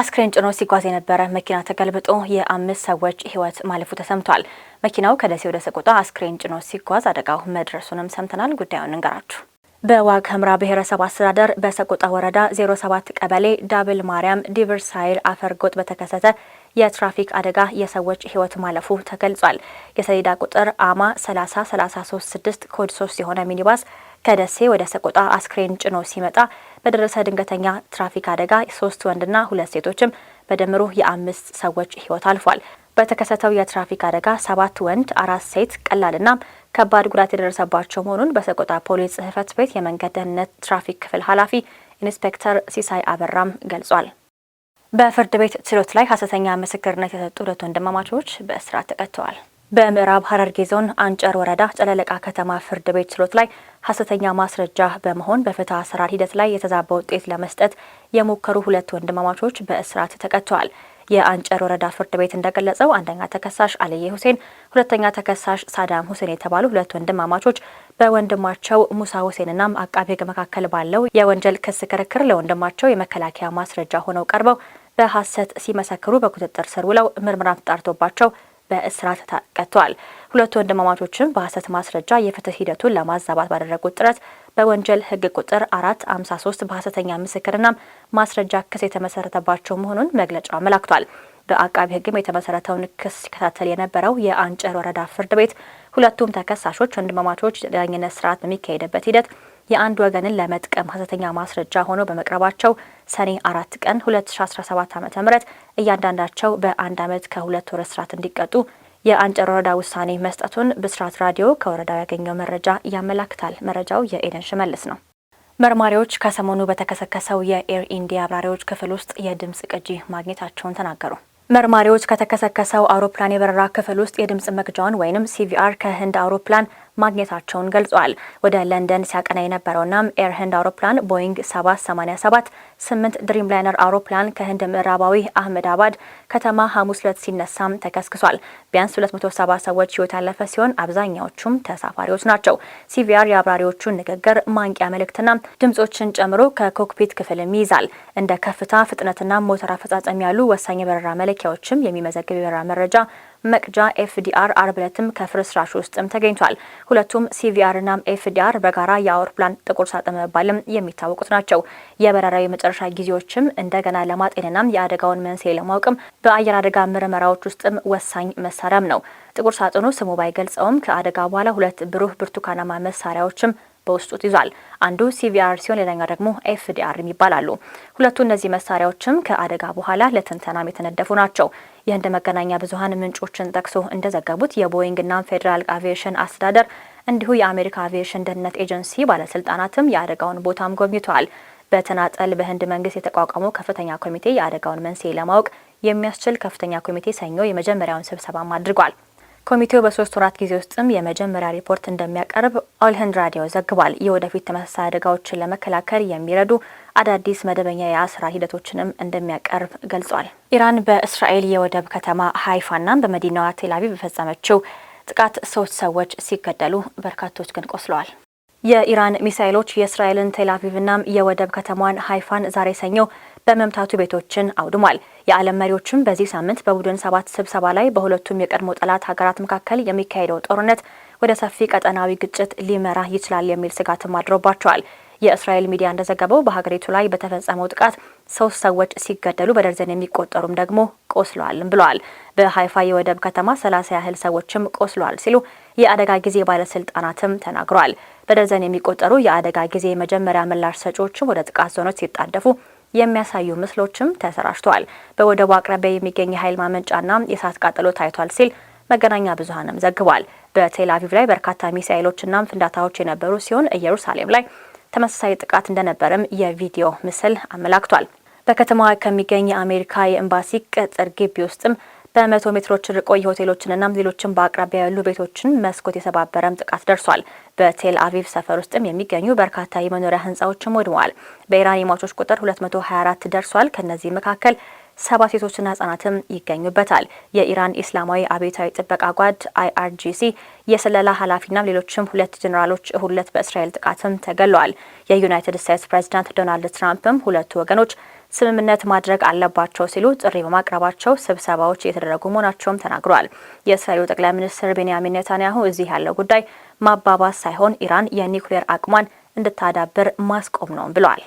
አስክሬን ጭኖ ሲጓዝ የነበረ መኪና ተገልብጦ የአምስት ሰዎች ህይወት ማለፉ ተሰምቷል። መኪናው ከደሴ ወደ ሰቆጣ አስክሬን ጭኖ ሲጓዝ አደጋው መድረሱንም ሰምተናል። ጉዳዩን እንገራችሁ። በዋግ ህምራ ብሔረሰብ አስተዳደር በሰቆጣ ወረዳ 07 ቀበሌ ዳብል ማርያም ዲቨርሳይል ጎጥ በተከሰተ የትራፊክ አደጋ የሰዎች ሕይወት ማለፉ ተገልጿል። የሰሌዳ ቁጥር አማ 3336 ኮድ 3 የሆነ ሚኒባስ ከደሴ ወደ ሰቆጣ አስክሬን ጭኖ ሲመጣ በደረሰ ድንገተኛ ትራፊክ አደጋ ሶስት ወንድና ሁለት ሴቶችም በድምሩ የአምስት ሰዎች ሕይወት አልፏል። በተከሰተው የትራፊክ አደጋ ሰባት ወንድ፣ አራት ሴት ቀላልና ከባድ ጉዳት የደረሰባቸው መሆኑን በሰቆጣ ፖሊስ ጽህፈት ቤት የመንገድ ደህንነት ትራፊክ ክፍል ኃላፊ ኢንስፔክተር ሲሳይ አበራም ገልጿል። በፍርድ ቤት ችሎት ላይ ሀሰተኛ ምስክርነት የሰጡ ሁለት ወንድማማቾች በእስራት ተቀጥተዋል። በምዕራብ ሐረርጌ ዞን አንጨር ወረዳ ጨለለቃ ከተማ ፍርድ ቤት ችሎት ላይ ሀሰተኛ ማስረጃ በመሆን በፍትህ አሰራር ሂደት ላይ የተዛባ ውጤት ለመስጠት የሞከሩ ሁለት ወንድማማቾች በእስራት ተቀጥተዋል። የአንጨር ወረዳ ፍርድ ቤት እንደገለጸው አንደኛ ተከሳሽ አልዬ ሁሴን፣ ሁለተኛ ተከሳሽ ሳዳም ሁሴን የተባሉ ሁለት ወንድማማቾች በወንድማቸው ሙሳ ሁሴንና አቃቤ ሕግ መካከል ባለው የወንጀል ክስ ክርክር ለወንድማቸው የመከላከያ ማስረጃ ሆነው ቀርበው በሐሰት ሲመሰክሩ በቁጥጥር ስር ውለው ምርመራ ተጣርቶባቸው በእስራት ተቀጥቷል። ሁለቱ ወንድማማቾችም በሐሰት ማስረጃ የፍትህ ሂደቱን ለማዛባት ባደረጉት ጥረት በወንጀል ህግ ቁጥር 453 በሐሰተኛ ምስክርና ማስረጃ ክስ የተመሰረተባቸው መሆኑን መግለጫው አመላክቷል። በአቃቢ ህግም የተመሰረተውን ክስ ሲከታተል የነበረው የአንጨር ወረዳ ፍርድ ቤት ሁለቱም ተከሳሾች ወንድማማቾች ዳኝነት ስርዓት በሚካሄድበት ሂደት የአንድ ወገንን ለመጥቀም ሀሰተኛ ማስረጃ ሆኖ በመቅረባቸው ሰኔ አራት ቀን 2017 ዓ ም እያንዳንዳቸው በአንድ ዓመት ከሁለት ወር እስራት እንዲቀጡ የአንጨር ወረዳ ውሳኔ መስጠቱን ብስራት ራዲዮ ከወረዳው ያገኘው መረጃ ያመላክታል። መረጃው የኤደን ሽመልስ ነው። መርማሪዎች ከሰሞኑ በተከሰከሰው የኤር ኢንዲያ አብራሪዎች ክፍል ውስጥ የድምፅ ቅጂ ማግኘታቸውን ተናገሩ። መርማሪዎች ከተከሰከሰው አውሮፕላን የበረራ ክፍል ውስጥ የድምፅ መግጃውን ወይም ሲቪአር ከህንድ አውሮፕላን ማግኘታቸውን ገልጿል። ወደ ለንደን ሲያቀና የነበረውና ኤር አውሮፕላን ቦይንግ 787 8 ድሪም ላይነር አውሮፕላን ከህንድ ምዕራባዊ አህመድ አባድ ከተማ ሐሙስ ዕለት ሲነሳም ተከስክሷል። ቢያንስ 270 ሰዎች ህይወት ያለፈ ሲሆን አብዛኛዎቹም ተሳፋሪዎች ናቸው። ሲቪአር የአብራሪዎቹን ንግግር፣ ማንቂያ መልእክትና ድምጾችን ጨምሮ ከኮክፒት ክፍልም ይይዛል። እንደ ከፍታ ፍጥነትና ሞተር አፈጻጸም ያሉ ወሳኝ የበረራ መለኪያዎችም የሚመዘግብ የበረራ መረጃ መቅጃ ኤፍዲአር አርብ ዕለትም ከፍርስራሽ ውስጥም ተገኝቷል። ሁለቱም ሲቪአርና ኤፍዲአር በጋራ የአውሮፕላን ጥቁር ሳጥን በመባልም የሚታወቁት ናቸው። የበረራዊ መጨረሻ ጊዜዎችም እንደገና ለማጤንና የአደጋውን መንስኤ ለማወቅም በአየር አደጋ ምርመራዎች ውስጥም ወሳኝ መሳሪያም ነው። ጥቁር ሳጥኑ ስሙ ባይገልጸውም ከአደጋ በኋላ ሁለት ብሩህ ብርቱካናማ መሳሪያዎችም በውስጡ ይዟል። አንዱ ሲቪአር ሲሆን ሌላኛው ደግሞ ኤፍዲአርም ይባላሉ። ሁለቱ እነዚህ መሳሪያዎችም ከአደጋ በኋላ ለትንተናም የተነደፉ ናቸው። የህንድ መገናኛ ብዙሀን ምንጮችን ጠቅሶ እንደዘገቡት የቦይንግና ፌዴራል አቪዬሽን አስተዳደር እንዲሁ የአሜሪካ አቪዬሽን ደህንነት ኤጀንሲ ባለስልጣናትም የአደጋውን ቦታም ጎብኝተዋል። በተናጠል በህንድ መንግስት የተቋቋመው ከፍተኛ ኮሚቴ የአደጋውን መንስኤ ለማወቅ የሚያስችል ከፍተኛ ኮሚቴ ሰኞ የመጀመሪያውን ስብሰባም አድርጓል። ኮሚቴው በሶስት ወራት ጊዜ ውስጥም የመጀመሪያ ሪፖርት እንደሚያቀርብ ኦልህንድ ራዲዮ ዘግቧል። የወደፊት ተመሳሳይ አደጋዎችን ለመከላከል የሚረዱ አዳዲስ መደበኛ የአስራ ሂደቶችንም እንደሚያቀርብ ገልጿል። ኢራን በእስራኤል የወደብ ከተማ ሀይፋና በመዲናዋ ቴላቪቭ በፈጸመችው ጥቃት ሶስት ሰዎች ሲገደሉ በርካቶች ግን ቆስለዋል። የኢራን ሚሳይሎች የእስራኤልን ቴላቪቭና የወደብ ከተማዋን ሀይፋን ዛሬ ሰኞ በመምታቱ ቤቶችን አውድሟል። የዓለም መሪዎችም በዚህ ሳምንት በቡድን ሰባት ስብሰባ ላይ በሁለቱም የቀድሞ ጠላት ሀገራት መካከል የሚካሄደው ጦርነት ወደ ሰፊ ቀጠናዊ ግጭት ሊመራ ይችላል የሚል ስጋትም አድሮባቸዋል። የእስራኤል ሚዲያ እንደዘገበው በሀገሪቱ ላይ በተፈጸመው ጥቃት ሶስት ሰዎች ሲገደሉ በደርዘን የሚቆጠሩም ደግሞ ቆስለዋልም ብለዋል። በሀይፋ የወደብ ከተማ ሰላሳ ያህል ሰዎችም ቆስለዋል ሲሉ የአደጋ ጊዜ ባለስልጣናትም ተናግረዋል። በደርዘን የሚቆጠሩ የአደጋ ጊዜ መጀመሪያ ምላሽ ሰጪዎችም ወደ ጥቃት ዞኖች ሲጣደፉ የሚያሳዩ ምስሎችም ተሰራጭተዋል። በወደቡ አቅራቢያ የሚገኝ የኃይል ማመንጫና የእሳት ቃጠሎ ታይቷል ሲል መገናኛ ብዙሃንም ዘግቧል። በቴል አቪቭ ላይ በርካታ ሚሳኤሎችና ፍንዳታዎች የነበሩ ሲሆን ኢየሩሳሌም ላይ ተመሳሳይ ጥቃት እንደነበረም የቪዲዮ ምስል አመላክቷል። በከተማዋ ከሚገኝ የአሜሪካ የኤምባሲ ቅጥር ግቢ ውስጥም በመቶ ሜትሮች ርቆ የሆቴሎችንና ሌሎችን በአቅራቢያ ያሉ ቤቶችን መስኮት የሰባበረም ጥቃት ደርሷል። በቴል አቪቭ ሰፈር ውስጥም የሚገኙ በርካታ የመኖሪያ ህንፃዎችም ወድመዋል። በኢራን የሟቾች ቁጥር 224 ደርሷል። ከእነዚህ መካከል ሰባ ሴቶችና ህጻናትም ይገኙበታል። የኢራን ኢስላማዊ አብዮታዊ ጥበቃ ጓድ አይአርጂሲ የስለላ ኃላፊና ሌሎችም ሁለት ጀኔራሎች እሁድ ዕለት በእስራኤል ጥቃትም ተገለዋል። የዩናይትድ ስቴትስ ፕሬዚዳንት ዶናልድ ትራምፕም ሁለቱ ወገኖች ስምምነት ማድረግ አለባቸው ሲሉ ጥሪ በማቅረባቸው ስብሰባዎች እየተደረጉ መሆናቸውም ተናግረዋል። የእስራኤሉ ጠቅላይ ሚኒስትር ቤንያሚን ኔታንያሁ እዚህ ያለው ጉዳይ ማባባስ ሳይሆን ኢራን የኒውክሌር አቅሟን እንድታዳብር ማስቆም ነው ብለዋል።